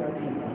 Thank you.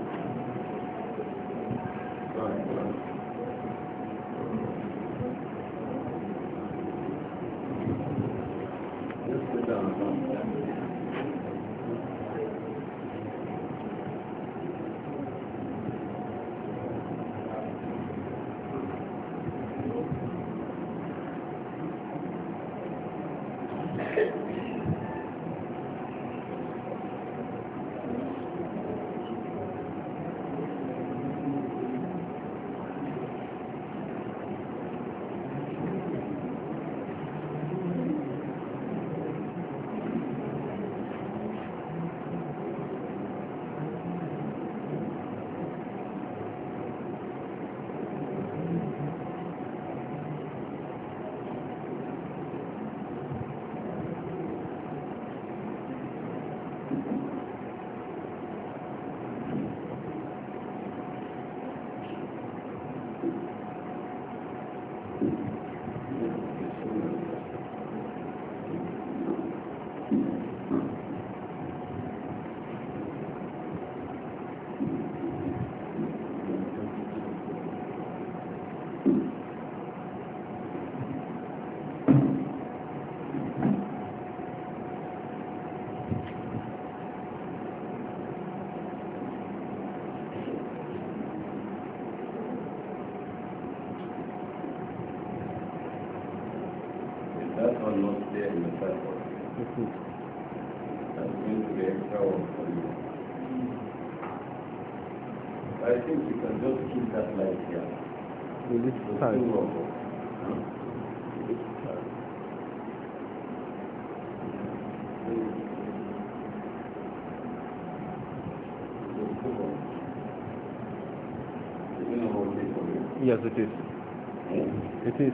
As it is. It is.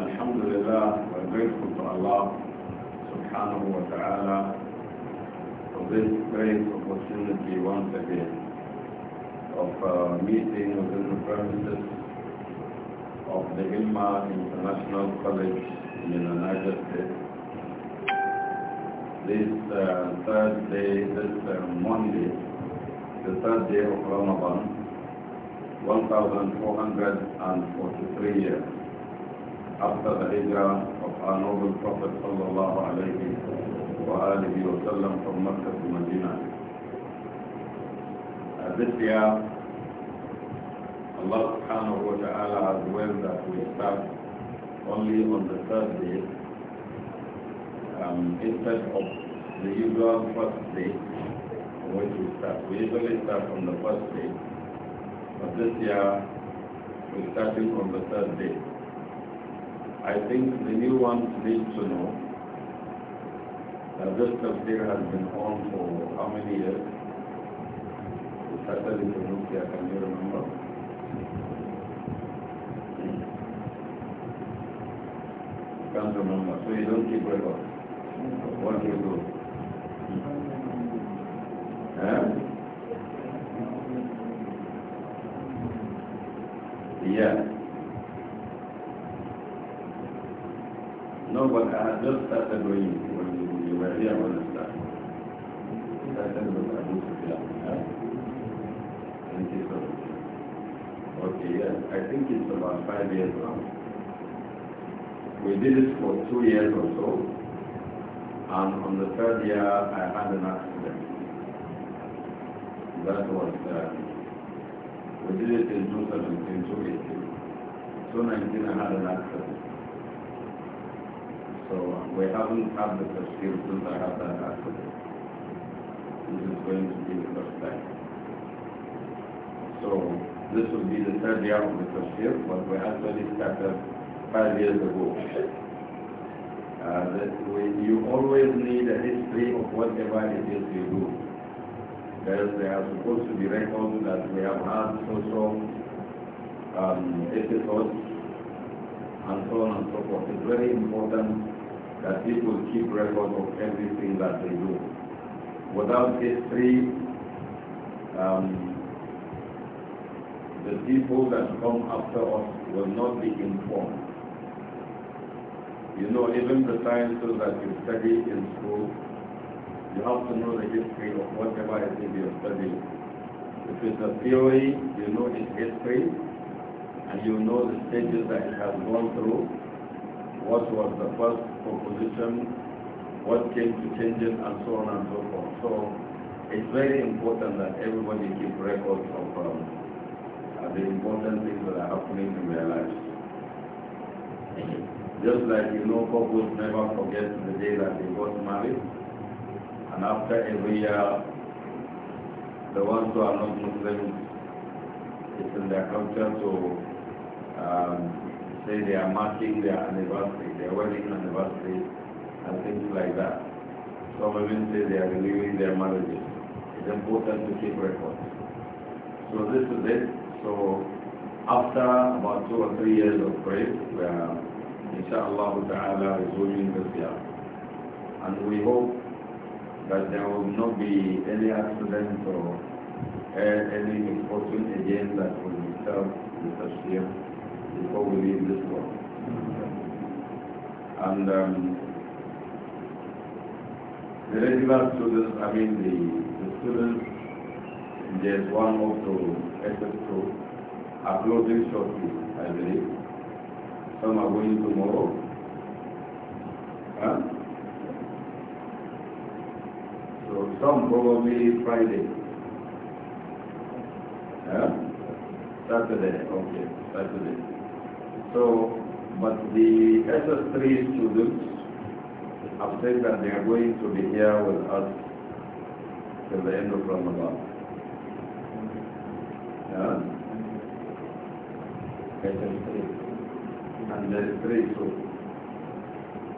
Alhamdulillah, we're grateful to Allah subhanahu wa ta'ala for this great opportunity once again of uh, meeting within the premises of the IMMA International College in the United States. This uh, Thursday, this uh, Monday, the third day of Ramadan, 1,443 years after the hijrah of our noble Prophet sallallahu alayhi wa alihi wa sallam from Mecca to Medina. Uh, this year, Allah subhanahu wa ta'ala has willed that we start only on the third day um, instead of the usual first day, which we start. We usually start from the first day but this year, we're starting from the third day. I think the new ones need to know that this tafsir has been on for how many years? We started in Tunisia, can you remember? can't remember, so you don't keep records. What do you do? Mm. when نوبة أعدل تتدوين started والإسلام تتدوين أبو سفيان Thank you so much. Okay, yes, I think it's about five years now. We did it for two years or so, and on the third year I had an accident. That was uh, we did it in can show So 19 I had an accident. So we haven't had the tafsir since I had that accident. This is going to be the first time. So this will be the third year of the tafsir, but we actually started five years ago. Uh, that we, you always need a history of whatever it is you do. Because they are supposed to be records that we have had so um, episodes and so on and so forth. It's very important that people keep record of everything that they do. Without history, um, the people that come after us will not be informed. You know, even the sciences that you study in school you have to know the history of whatever it is you're studying. If it's a theory, you know its history, and you know the stages that it has gone through, what was the first proposition, what came to changes, and so on and so forth. So it's very important that everybody keep records of um, uh, the important things that are happening in their lives. Just like you know, couples never forget the day that they got married, and after every year, the ones who are not Muslims, it's in their culture to um, say they are marking their anniversary, their wedding anniversary, and things like that. Some even say they are renewing their marriages. It's important to keep records. So this is it. So after about two or three years of praise, we are, inshallah ta'ala, resuming this year. And we hope that there will not be any accident or eh, any misfortune again that will disturb the tashkir before we leave this world. And um, the regular students, I mean the, the students, there's one up to SS2, uploading shortly, I believe. Some are going tomorrow. Huh? So some probably Friday. Yeah? Saturday, okay, Saturday. So, but the SS3 students have said that they are going to be here with us till the end of Ramadan. Yeah? SS3. And there is three, so.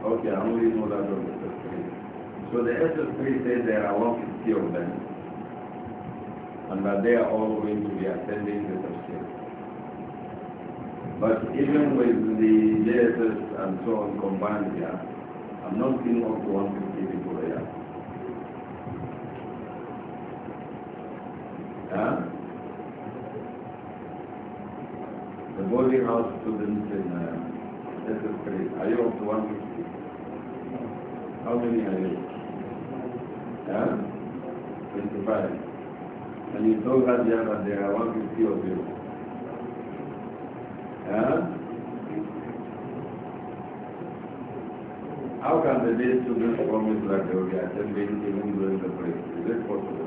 Okay, how do you know that? So the SS3 says there are 150 of them and that they are all going to be attending the session. But even with the JSS and so on combined here, I'm not seeing up to 150 people here. The boarding house students in uh, SS3, are you up to 150? How many are you? Yeah? 25. And you told her the that there are 150 of you. Yeah? How can the day this? promise that they will be attending even during the break? Is it possible?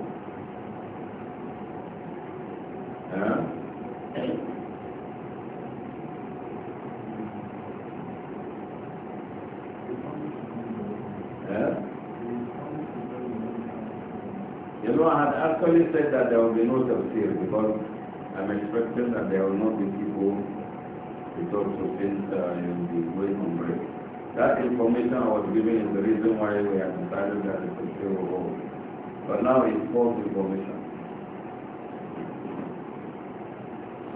actually said that there will be no tafsir because I'm expecting that there will not be people to talk to since uh, you'll be going on break. That information I was giving is the reason why we have decided that the a will hold. But now it's false information.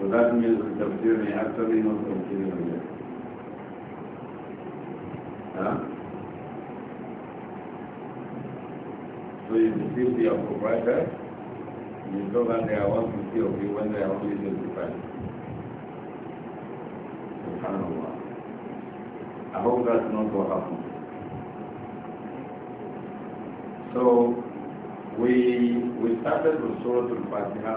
So that means the tafsir may actually not continue yet. Huh? So you deceive your proprietor you go down there, 150, okay, when they are only 25. SubhanAllah. I hope that's not what happened. So, we, we started with Surah Al-Fatiha,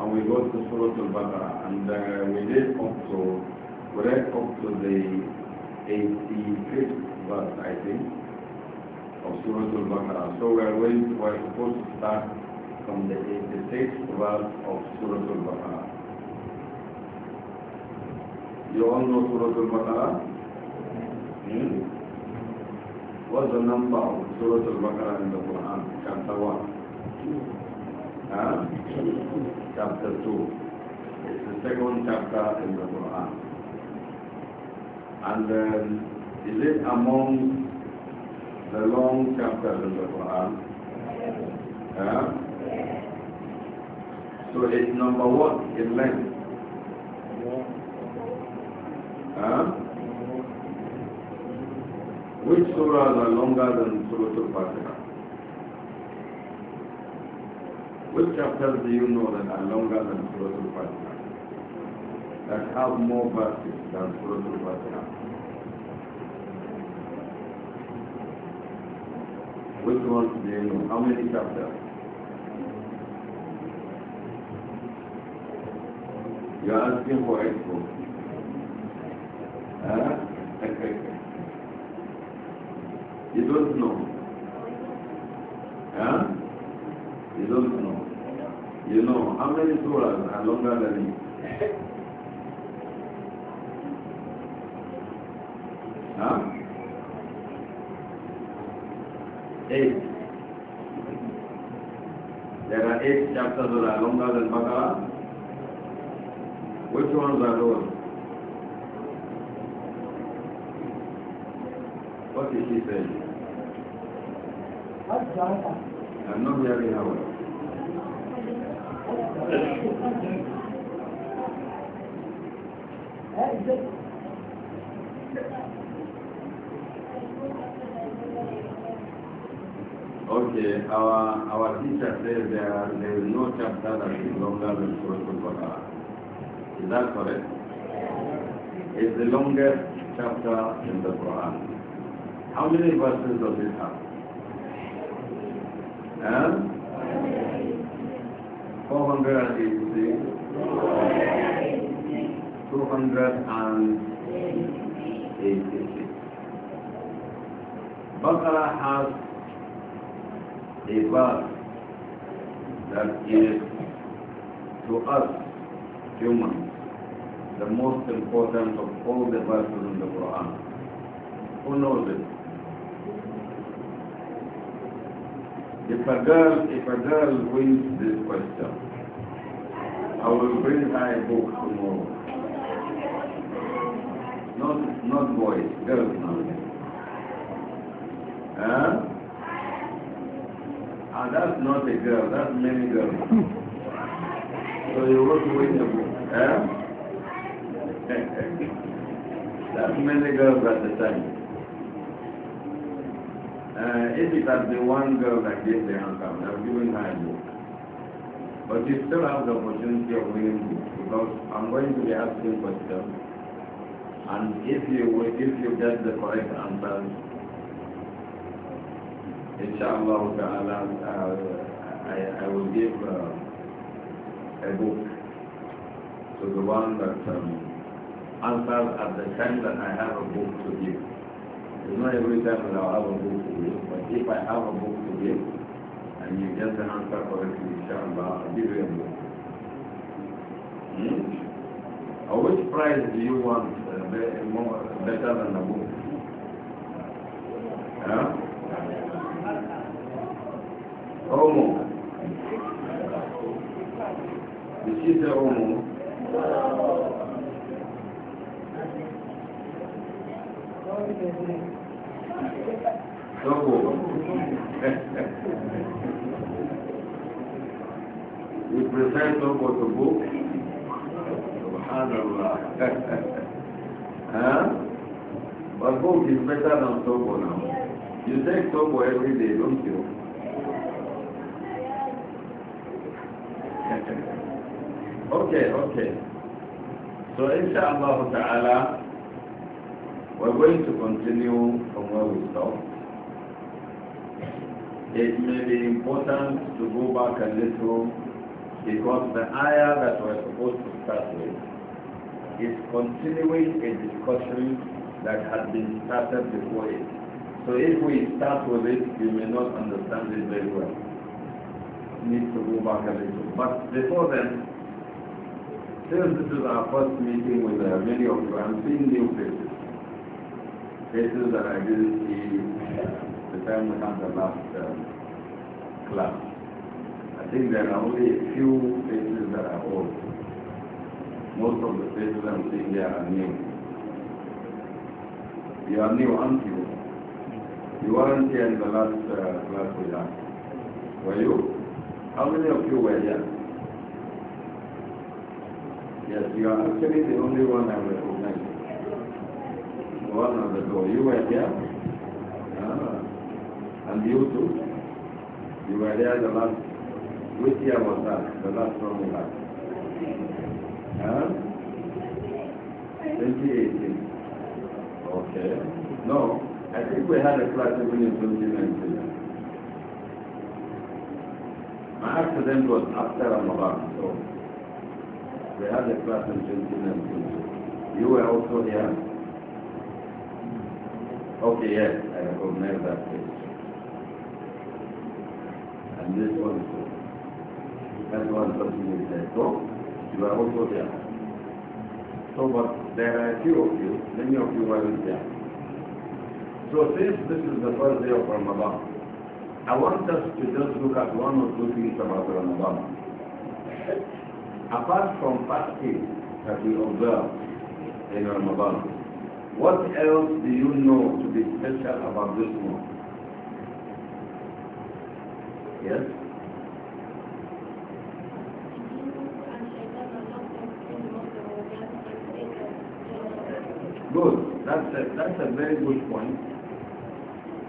and we go to Surah Al-Baqarah, and uh, we did up to, we read up to the 85th verse, I think, of Surah Al-Baqarah. So we are, going, we are supposed to start from the 86th verse of Surah Al-Baqarah. You all know Surah Al-Baqarah? Hmm? What's the number of Surah Al-Baqarah in the Quran? Chapter 1. Huh? Chapter 2. It's the second chapter in the Quran. And then is it among the long chapters in the Quran? Yeah? So it's number one in length. Huh? Which surahs are longer than Surah Al-Fatiha? Which chapters do you know that are longer than Surah Al-Fatiha? That have more verses than Surah Al-Fatiha? Which ones do you know? How many chapters? You are asking for info. Huh? you don't know. Huh? You don't know. You know how many surahs are longer than you? huh? Eight. There are eight chapters that are longer than Baqarah. Which ones that one? What is he saying? I'm not hearing her well. Okay, our our teacher says there, there is no chapter that is longer than Surah Al-Baqarah. Is that correct? It's the longest chapter in the Quran. How many verses does it have? And? 486, 286. Baqarah has a verse that is to us human, the most important of all the verses in the Quran. Who knows it? If a girl, if a girl wins this question, I will bring her a book tomorrow. Not, not boys, girls now. Huh? Ah, that's not a girl, that's many girls. So you look with the book. Huh? That's many girls at the time. Uh, if it had been one girl that gave the answer, I have given her a book. But you still have the opportunity of winning books because I'm going to be asking questions. And if you if you get the correct answer, inshallah, uh, I, I will give. Uh, a book to the one that um, answers at the time that I have a book to give. It's not every time that i have a book to give, but if I have a book to give, and you get the answer correctly, inshallah, I'll give you a book. Hmm? which price do you want uh, be, more, better than a book? Huh? Promo. This is the own. So good. we present so good go to book. Subhanallah. huh? But book is better than Togo now. You take Togo every day, don't you? Okay, okay. So inshaAllah ta'ala, we're going to continue from where we stopped. It may be important to go back a little because the ayah that we're supposed to start with is continuing a discussion that had been started before it. So if we start with it, you may not understand it very well. need to go back a little. But before then, since this is our first meeting with uh, many of you, I'm seeing new faces. Faces that I didn't see uh, the time we had the last uh, class. I think there are only a few faces that are old. Most of the faces I'm seeing here are new. You are new, aren't you? You weren't here in the last uh, class we had. Were you? How many of you were here? Yes, you are actually the only one I recognize. One on the door. You were there. Ah. And you too? You were there the last, which year was that? The last one we had? Huh? 2018. Okay. No, I think we had a class even in 2019. My accident was after Ramadan, so the other person class You were also here? Okay, yes, I recognize that page. And this one too. That one continues there. So, you are also there. So, but there are a few of you, many of you are not there. So since this is the first day of Ramadan, I want us to just look at one or two things about Ramadan apart from fasting that we observe in Ramadan, what else do you know to be special about this month? Yes? Good. That's a, that's a very good point.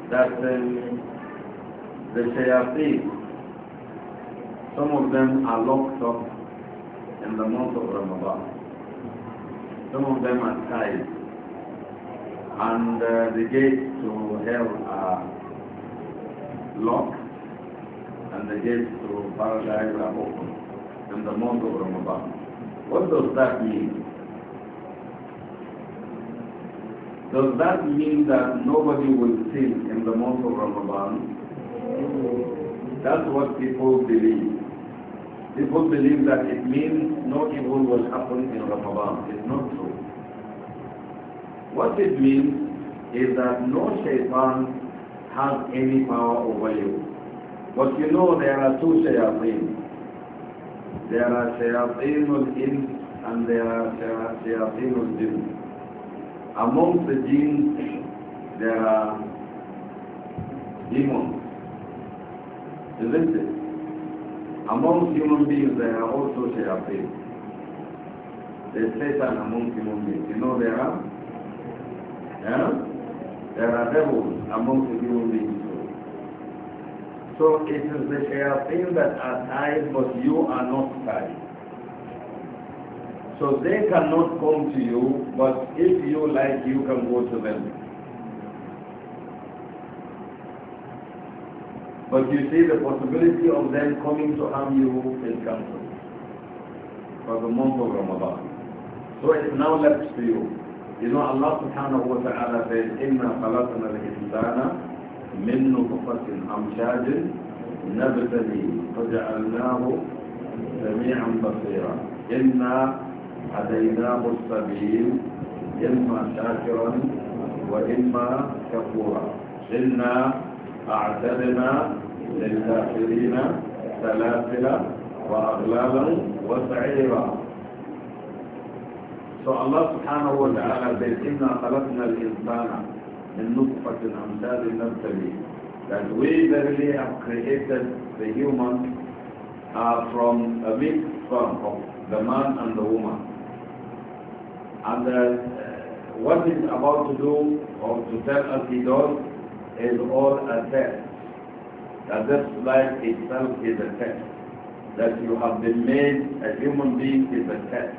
That um, the shayateen, some of them are locked up in the month of Ramadan. Some of them are tied. And uh, the gates to hell are locked and the gates to paradise are open in the month of Ramadan. What does that mean? Does that mean that nobody will sin in the month of Ramadan? That's what people believe. People believe that it means no evil was happening in Ramadan. It's not true. What it means is that no shaitan has any power over you. But you know there are two shayateen. There are shayateenul in and there are shayateenul jinn. Among the jinn, there are demons. Isn't it? Among human beings, there are also shayateen. There's Satan among human beings. You know there are? Yeah? There are devils among the human beings too. So it is the shayateen that are tied, but you are not tied. So they cannot come to you, but if you like, you can go to them. But you see the possibility of them coming to harm you is cancelled for the month of Ramadan. So it's now left to you. You know Allah subhanahu wa ta'ala says, إِنَّا خَلَقْنَا الْإِنسَانَ مِنْ نُطْفَةٍ أَمْشَاجٍ نَبْتَلِي فَجَعَلْنَاهُ سَمِيعًا بَصِيرًا إِنَّا هَدَيْنَاهُ السَّبِيلَ إِمَّا شَاكِرًا وَإِمَّا كَفُورًا إِنَّا أعتدنا للكافرين سلاسل وأغلالا وسعيرا فالله سبحانه وتعالى بيتنا خلقنا الإنسان من نطفة أمثال نبتلي that we verily have created the human uh, from a big form of the man and the woman. And uh, what is about to do or to tell us he does is all a test. That this life itself is a test. That you have been made a human being is a test.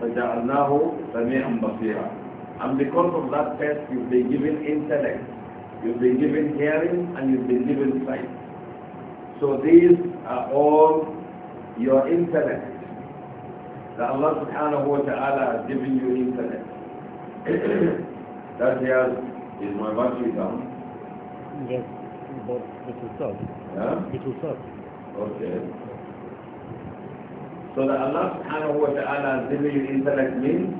فَجَعَلْنَاهُ سَمِيعًا بَصِيرًا And because of that test, you've been given intellect, you've been given hearing, and you've been given sight. So these are all your intellect. That Allah subhanahu wa ta'ala has given you intellect. that He has is my battery down? Yes, but it will stop. Yeah? It will stop. Okay. So that Allah subhanahu wa ta'ala has given you intellect means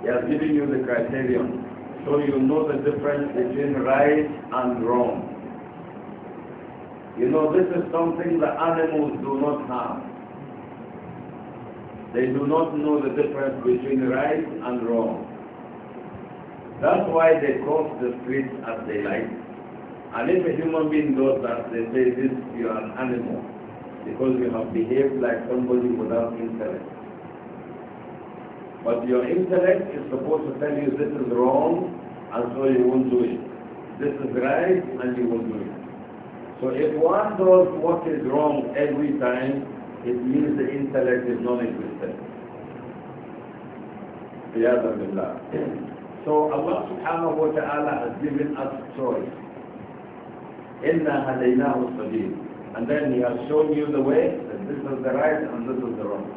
He has given you the criterion. So you know the difference between right and wrong. You know, this is something that animals do not have. They do not know the difference between right and wrong. That's why they cross the street as they like. And if a human being does that, they say, this, you are an animal, because you have behaved like somebody without intellect. But your intellect is supposed to tell you this is wrong, and so you won't do it. This is right, and you won't do it. So if one does what is wrong every time, it means the intellect is non-existent. Qiyadam Billah. So Allah subhanahu wa ta'ala has given us choice. إِنَّا هَدَيْنَاهُ السَّبِيلِ And then He has shown you the way, that this is the right and this is the wrong.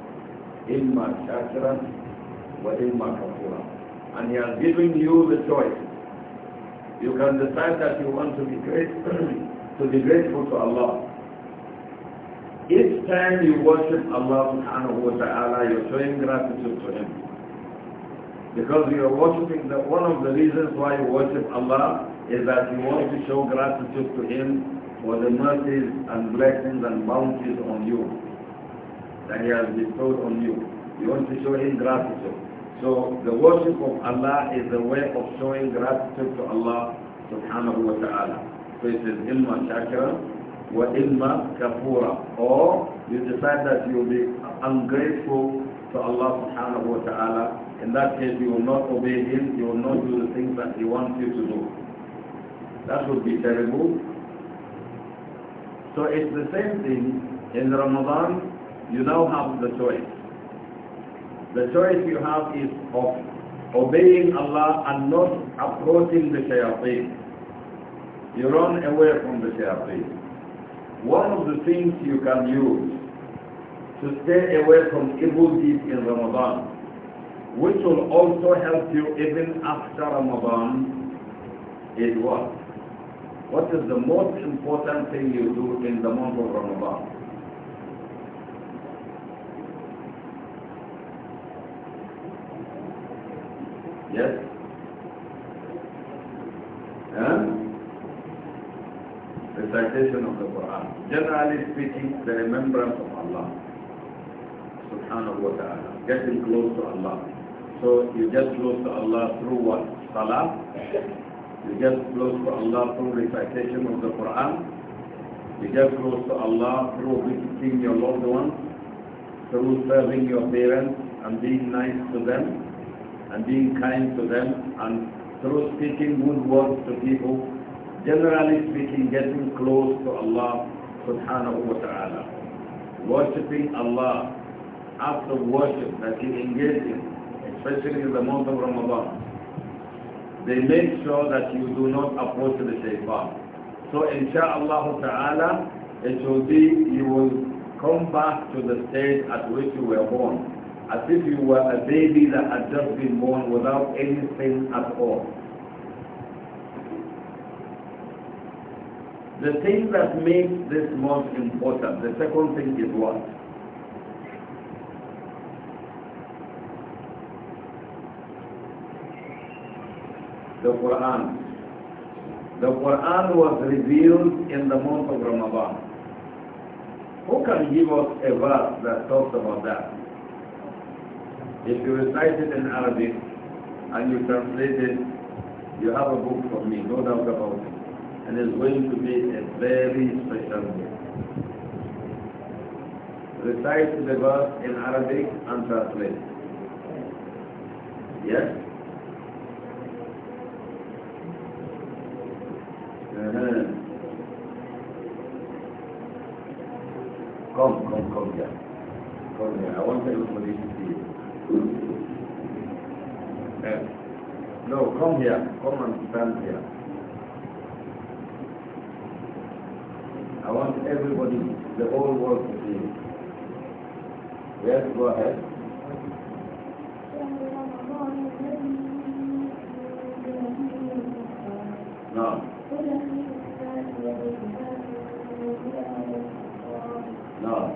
إِمَّا شَاكِرًا وَإِمَّا كَفُورًا And He has given you the choice. You can decide that you want to be grateful, to be grateful to Allah. Each time you worship Allah subhanahu wa ta'ala, you're showing gratitude to Him. Because we are worshipping, one of the reasons why you worship Allah is that you want to show gratitude to Him for the mercies and blessings and bounties on you that He has bestowed on you. You want to show Him gratitude. So the worship of Allah is a way of showing gratitude to Allah subhanahu wa ta'ala. So it is ilma shakira wa ilma kafura. Or you decide that you will be ungrateful to Allah subhanahu wa ta'ala, in that case you will not obey him, you will not do the things that he wants you to do. That would be terrible. So it's the same thing in Ramadan, you now have the choice. The choice you have is of obeying Allah and not approaching the shayateen. You run away from the shayateen. One of the things you can use to stay away from evil deeds in Ramadan, which will also help you even after Ramadan, is what? What is the most important thing you do in the month of Ramadan? Yes? recitation of the Quran. Generally speaking, the remembrance of Allah subhanahu wa ta'ala, getting close to Allah. So you get close to Allah through what? Salah. You get close to Allah through recitation of the Quran. You get close to Allah through visiting your loved ones, through serving your parents and being nice to them, and being kind to them, and through speaking good words to people. Generally speaking, getting close to Allah subhanahu wa ta'ala. Worshipping Allah acts of worship that you engage in, especially in the month of Ramadan, they make sure that you do not approach the shaitan. So insha'Allah ta'ala, it will be you will come back to the state at which you were born, as if you were a baby that had just been born without anything at all. The thing that makes this most important, the second thing is what? the Quran. The Quran was revealed in the month of Ramadan. Who can give us a verse that talks about that? If you recite it in Arabic and you translate it, you have a book from me, no doubt about it. And it's going to be a very special book. Recite the verse in Arabic and translate. Yes? Come come come here. Come here, I want everybody to see eh, you. No, come here. Come and stand here. I want everybody, the whole world to see you. Yes, go ahead. No. نعم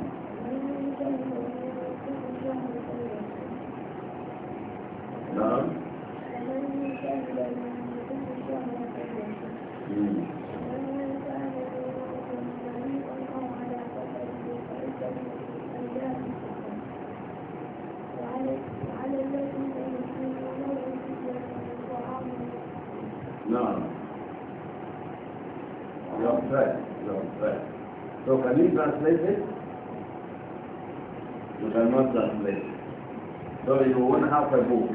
half a book.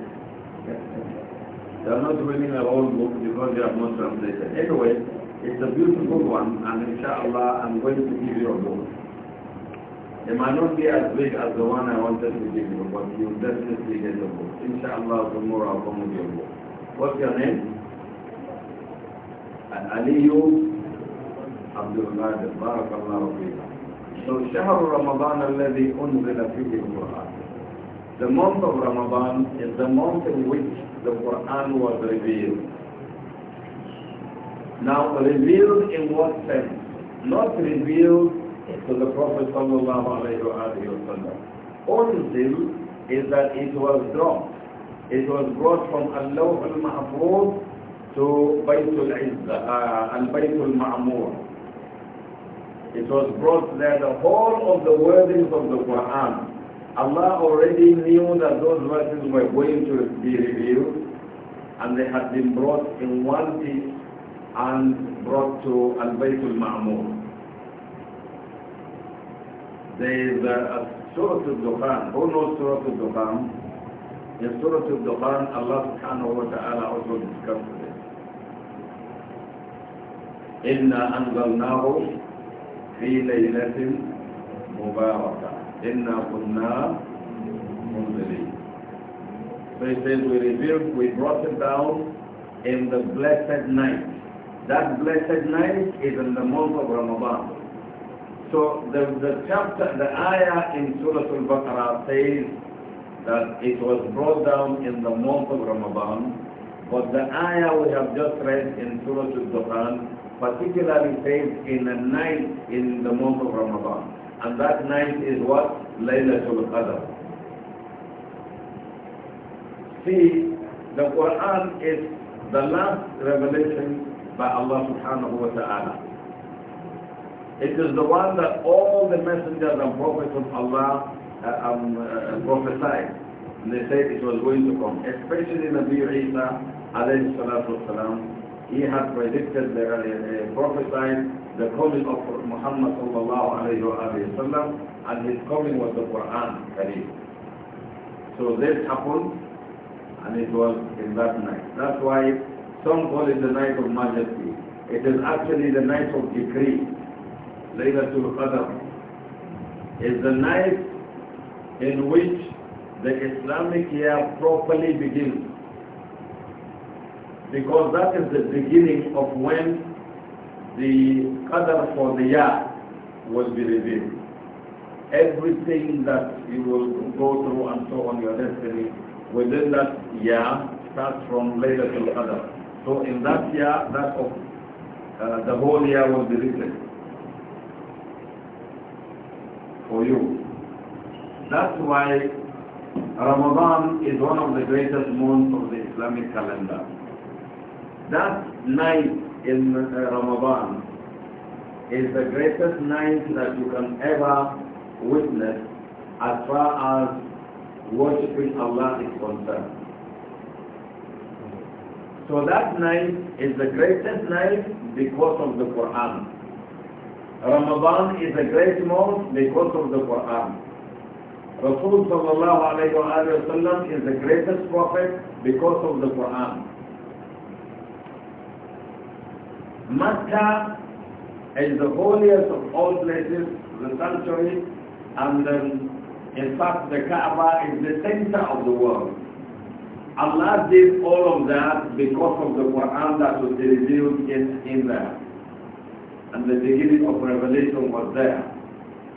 They are not reading a whole book because they have not translated. Anyway, it's a beautiful one and inshallah I'm going to give you a book. It might not be as big as the one I wanted to give you, but you'll definitely get a book. Inshallah tomorrow I'll come with your book. What's your name? Aliyu Abdul Barakallahu feekum. So شهر رمضان الذي أنزل فيه القرآن the month of Ramadan is the month in which the Quran was revealed. Now, revealed in what sense? Not revealed to the Prophet wasallam. Unzil is that it was dropped. It was brought from Allah al-Mahfuz to Baytul Izzah, uh, and Baytul Ma'mur. It was brought there, the whole of the wordings of the Quran Allah already knew that those verses were going to be revealed and they had been brought in one piece and brought to Al-Baytul Ma'mur. There is a, Surah Al-Dukhan. Who knows Surah Al-Dukhan? In Surah Al-Dukhan, Allah subhanahu wa ta'ala also discussed this. إِنَّا أَنْزَلْنَاهُ فِي لَيْلَةٍ مُبَارَكَةٍ inna kunna munzili. So he says we revealed, we brought it down in the blessed night. That blessed night is in the month of Ramadan. So the, the chapter, the ayah in Surah Al-Baqarah says that it was brought down in the month of Ramadan, but the ayah we have just read in Surah Al-Dukhan particularly says in the night in the month of Ramadan and that night is what? Laylatul Qadr. See, the Quran is the last revelation by Allah subhanahu wa ta'ala. It is the one that all the messengers and prophets of Allah uh, um, uh, prophesied. And they said it was going to come. Especially Nabi Isa alayhi salatu wasalam. He had predicted, the, uh, uh, prophesied the coming of Muhammad sallallahu alayhi wa sallam and his coming was the Quran Kareem. So this happened and it was in that night. That's why some call it the night of majesty. It is actually the night of decree. Laylatul Qadr is the night in which the Islamic year properly begins. Because that is the beginning of when the qadr for the year will be revealed. Everything that you will go through and so on your destiny within that year starts from later to Qadr. So in that year, that of uh, the whole year will be written for you. That's why Ramadan is one of the greatest months of the Islamic calendar. That night in uh, Ramadan is the greatest night that you can ever witness as far as worshipping Allah is concerned. So that night is the greatest night because of the Quran. Ramadan is a great month because of the Quran. Rasul sallallahu is the greatest prophet because of the Quran. Mecca is the holiest of all places, the sanctuary, and in fact the Kaaba is the center of the world. Allah did all of that because of the Quran that was revealed in, in there. And the beginning of revelation was there,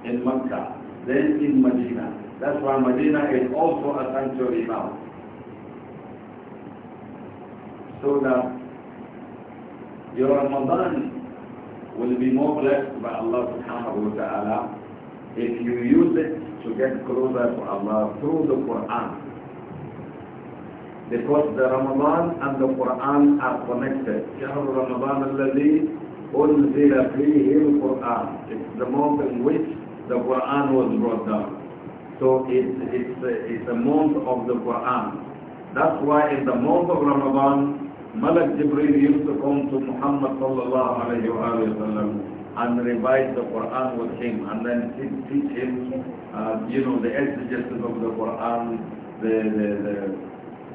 in Mecca, then in Medina. That's why Medina is also a sanctuary now. So that your Ramadan will be more blessed by Allah subhanahu wa ta'ala if you use it to get closer to Allah through the Quran. Because the Ramadan and the Quran are connected. شهر رمضان الذي أنزل فيه القرآن. It's the month in which the Quran was brought down. So it, it's, it's a month of the Quran. That's why in the month of Ramadan, Malik Jibreel used to come to Muhammad sallallahu alayhi wa and revise the Quran with him and then teach, him, uh, you know, the exegesis of the Quran, the, the, the,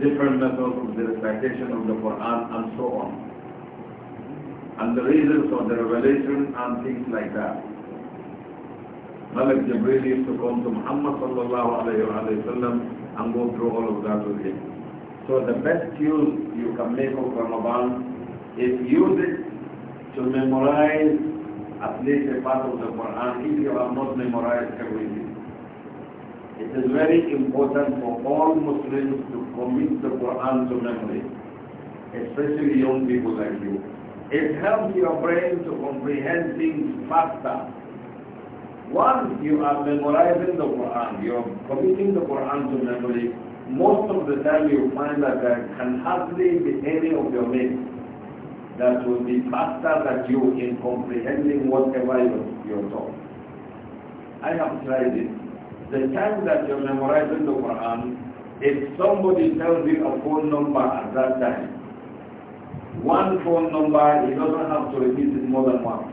different methods of the recitation of the Quran and so on. And the reasons for the revelation and things like that. Malik Jibril used to come to Muhammad sallallahu alayhi wa and go through all of that with him. So the best use you can make of Ramadan is use it to memorize at least a part of the Quran if you have not memorized everything. It is very important for all Muslims to commit the Quran to memory, especially young people like you. It helps your brain to comprehend things faster. Once you are memorizing the Quran, you are committing the Quran to memory, most of the time you find that there can hardly be any of your mates that will be faster than you in comprehending whatever you're, you're taught. I have tried it. The time that you're memorizing the Quran, if somebody tells you a phone number at that time, one phone number, he doesn't have to repeat it more than once.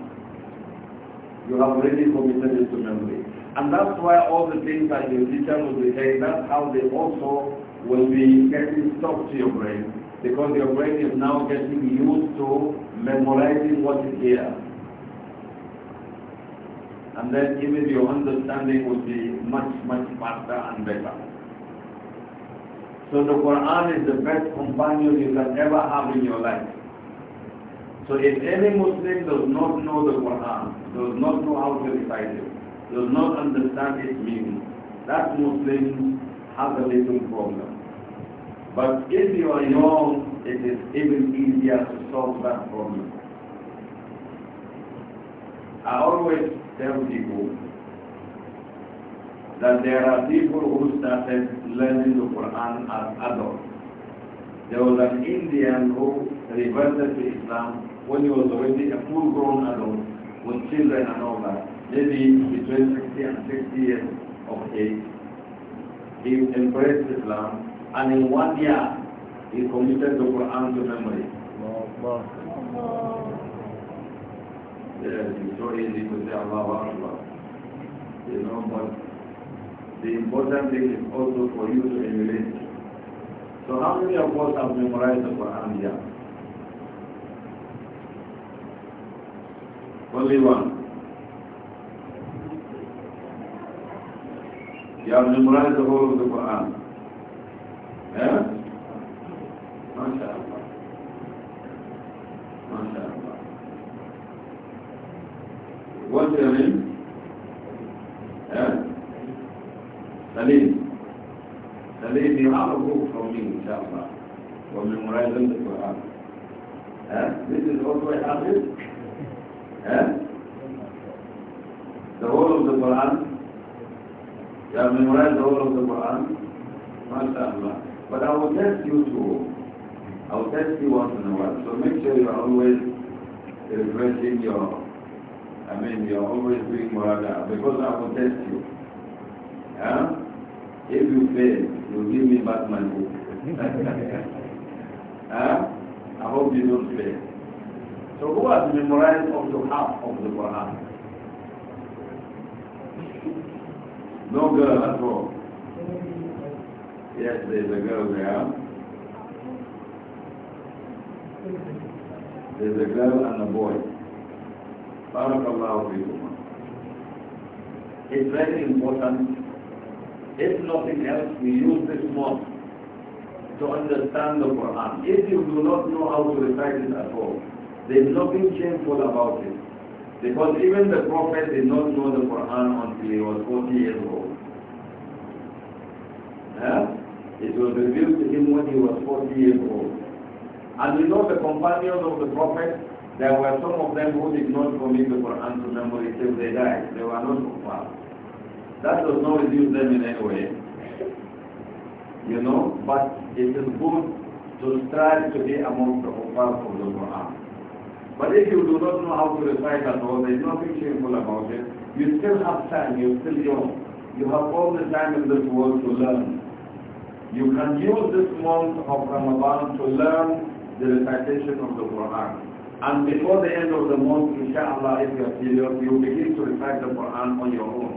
You have already committed it to memory. And that's why all the things that teach teacher will be saying, that's how they also will be getting stuck to your brain. Because your brain is now getting used to memorizing what you hear. And then even your understanding will be much, much faster and better. So the Quran is the best companion you can ever have in your life. So if any Muslim does not know the Quran, does not know how to recite it, does not understand its meaning, that Muslim has a little problem. But if you are young, it is even easier to solve that problem. I always tell people that there are people who started learning the Quran as adults. There was an Indian who reverted to Islam when he was already a full-grown adult with children and all that maybe between 60 and 60 years of age, he embraced Islam and in one year he committed the Quran to memory. Allah. Yes, it's so easy to say Allah Allah. You know, but the important thing is also for you to emulate. So how many of us have memorized the Quran here? Only one. يا ابن المراد تقول في القرآن ها؟ ما شاء الله ما شاء الله وانت يا مين؟ ها؟ سليم سليم يعرفه قومي إن شاء الله وابن المراد في القرآن ها؟ مثل الأسوة الحافظ ها؟ The whole of the Quran You memorized all of the Quran? MashaAllah. But I will test you too. I will test you once in a while. So make sure you are always refreshing your, I mean, you are always doing murada because I will test you. Yeah? If you fail, you give me back my book. huh? I hope you don't fail. So who has memorized up to half of the Quran? No girl at all. Yes, there's a girl there. There's a girl and a boy. Barakallahu fikum. It's very important. If nothing else, we use this month to understand the Quran. If you do not know how to recite it at all, there is nothing shameful about it. Because even the Prophet did not know the Quran until he was 40 years old. Yeah? It was revealed to him when he was 40 years old. And you know the companions of the Prophet, there were some of them who did not commit the Quran to memory till they died. They were not kuffar. That does not reduce them in any way. You know, but it is good to strive to be among the kuffar of the Quran. But if you do not know how to recite at all, there is nothing shameful about it. You still have time, you're still young. You have all the time in this world to learn. You can use this month of Ramadan to learn the recitation of the Quran. And before the end of the month, inshallah, if you are serious, you begin to recite the Quran on your own.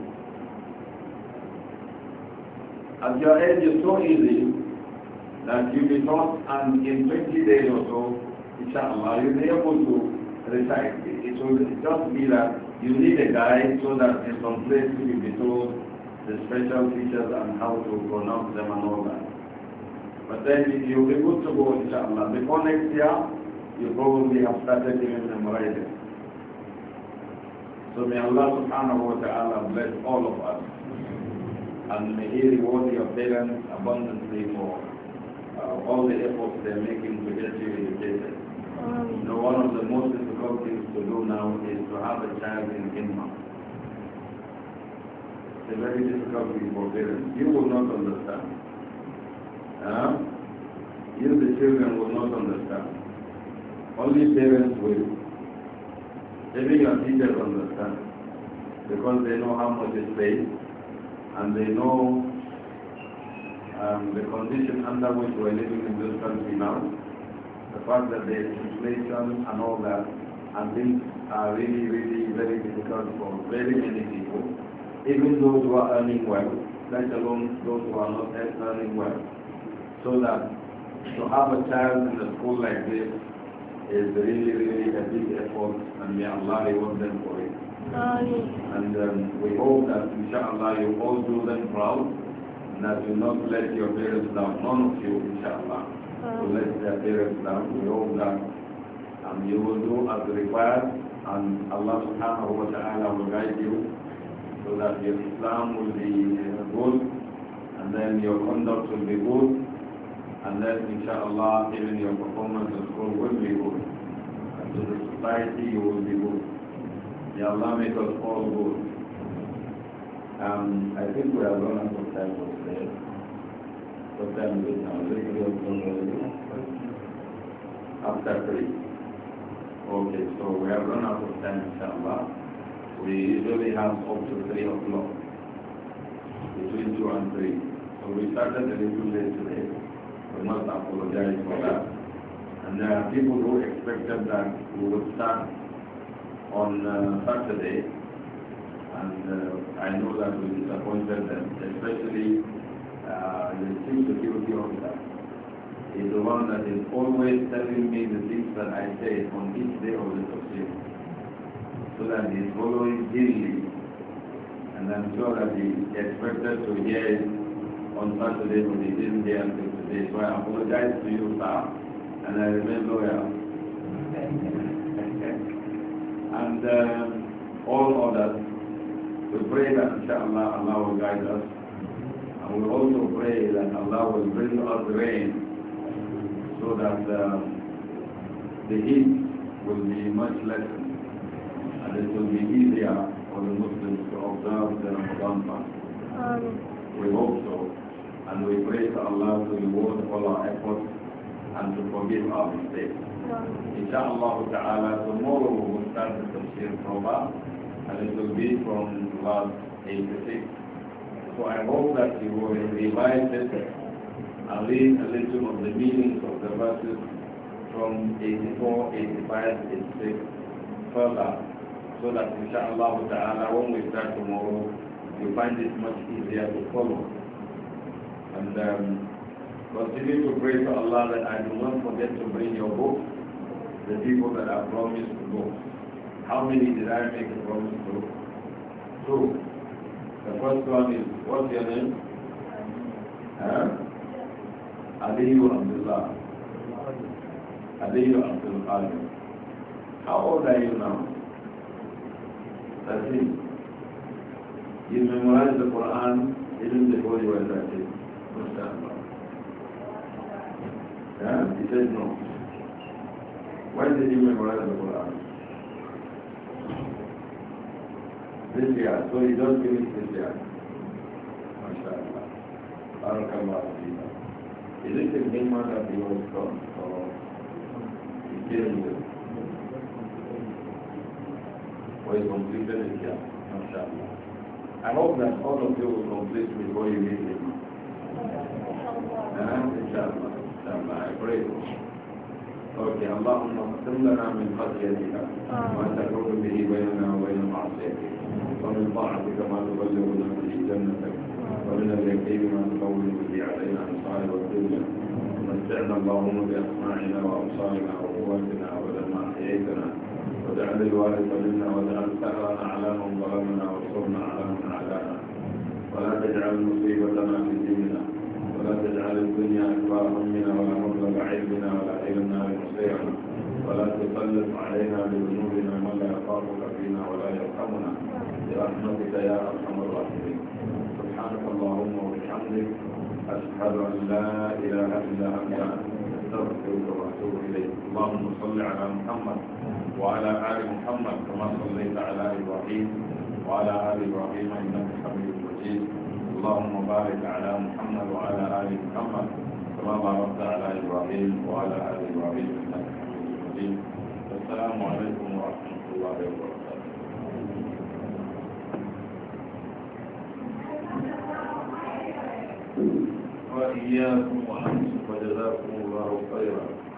At your age, it's so easy that you be taught and in 20 days or so, inshallah, you'll be able to recite it. It will just be that you need a guide so that in some place you will be told the special features and how to pronounce them and all that. But then you'll be good to go, inshallah. Before next year, you probably have started even memorizing. So may Allah subhanahu wa ta'ala bless all of us. And may He reward your parents abundantly for uh, all the efforts they're making to get you educated. You know, one of the most difficult things to do now is to have a child in Himma. It's a very difficult thing for parents. You will not understand. Huh? You, the children, will not understand. Only parents will. Even your teachers understand. Because they know how much it pays and they know um, the condition under which we're living in this country now the fact that there is inflation and all that, and things are really, really very difficult for very many people, even those who are earning well, let alone those who are not earning well. So that to have a child in a school like this is really, really a big effort, and may Allah reward them for it. And um, we hope that, inshallah, you all do them proud, and that you not let your parents down, none of you, inshallah to let their parents down, we all down. And you will do as required, and Allah subhanahu wa ta'ala will guide you so that your Islam will be uh, good, and then your conduct will be good, and then inshallah even your performance at school will be good. And to the society you will be good. May Allah make us all good. Um, I think we are going to have time for today. After three. Okay, so we have run out of time, We usually have up to three o'clock, between two and three. So we started a little late today. We must apologize for that. And there are people who expected that we would start on uh, Saturday, and uh, I know that we disappointed them, especially uh, the chief security officer, is the one that is always telling me the things that I say on each day of the tafsir. So that he is following daily. And I'm sure that he expected to hear it on Saturday, but he didn't hear until today. So I apologize to you, sir. And I remain loyal. and um, all others, we pray that inshallah Allah will guide us we also pray that Allah will bring us rain so that uh, the heat will be much less and it will be easier for the Muslims to observe the Ramadan fast. Um. We hope so and we pray to Allah to reward all our efforts and to forgive our mistakes. Um. Inshallah ta'ala, tomorrow we will start the Tafsir Proba and it will be from verse 86 so I hope that you will revise it, and read a little of the meanings of the verses from 84, 85, 86 further so that inshallah ta'ala when we start tomorrow you find it much easier to follow. And um, continue to pray to Allah that I do not forget to bring your book, the people that I promised to go. How many did I make a promise to? Two. The first one is, what's your name? Huh? Aliyu Abdullah. Aliyu Abdul How old are you now? 13. You memorized the Quran even before you were 13. Mashallah. Yeah? He said no. Why did you memorize the Quran? this year, so he don't finish this year. MashaAllah. Barakallah Is it the same one that you was from? Or did still do? Or you completed it yet? MashaAllah. I hope that all of you will complete before you leave the month. Inshallah. Inshallah. I pray. اوكي اللهم اقسم لنا من خشيتك وان تكون به بيننا وبين ومن طاعتك ما تبلغنا به جنتك ومن اليقين ما تقوم به علينا مصائب الدنيا متعنا اللهم بأسماعنا وأبصارنا وقواتنا أبدا ما أحييتنا واجعل الوارث منا واجعل ثأرنا على من ظلمنا وانصرنا على من عادانا ولا تجعل مصيبتنا في ديننا ولا تجعل الدنيا أكبر همنا ولا مبلغ علمنا ولا إلى النار مصيرنا ولا تسلط علينا بذنوبنا من لا يخافك فينا ولا يرحمنا برحمتك يا ارحم الراحمين سبحانك اللهم وبحمدك اشهد ان لا اله الا انت استغفرك واتوب اليك اللهم صل على محمد وعلى ال محمد كما صليت على ابراهيم وعلى ال ابراهيم انك حميد مجيد اللهم بارك على محمد وعلى ال محمد كما باركت على ابراهيم وعلى ال ابراهيم انك الدين والسلام عليكم ورحمة الله وبركاته وإياكم وأنتم وجزاكم الله خيرا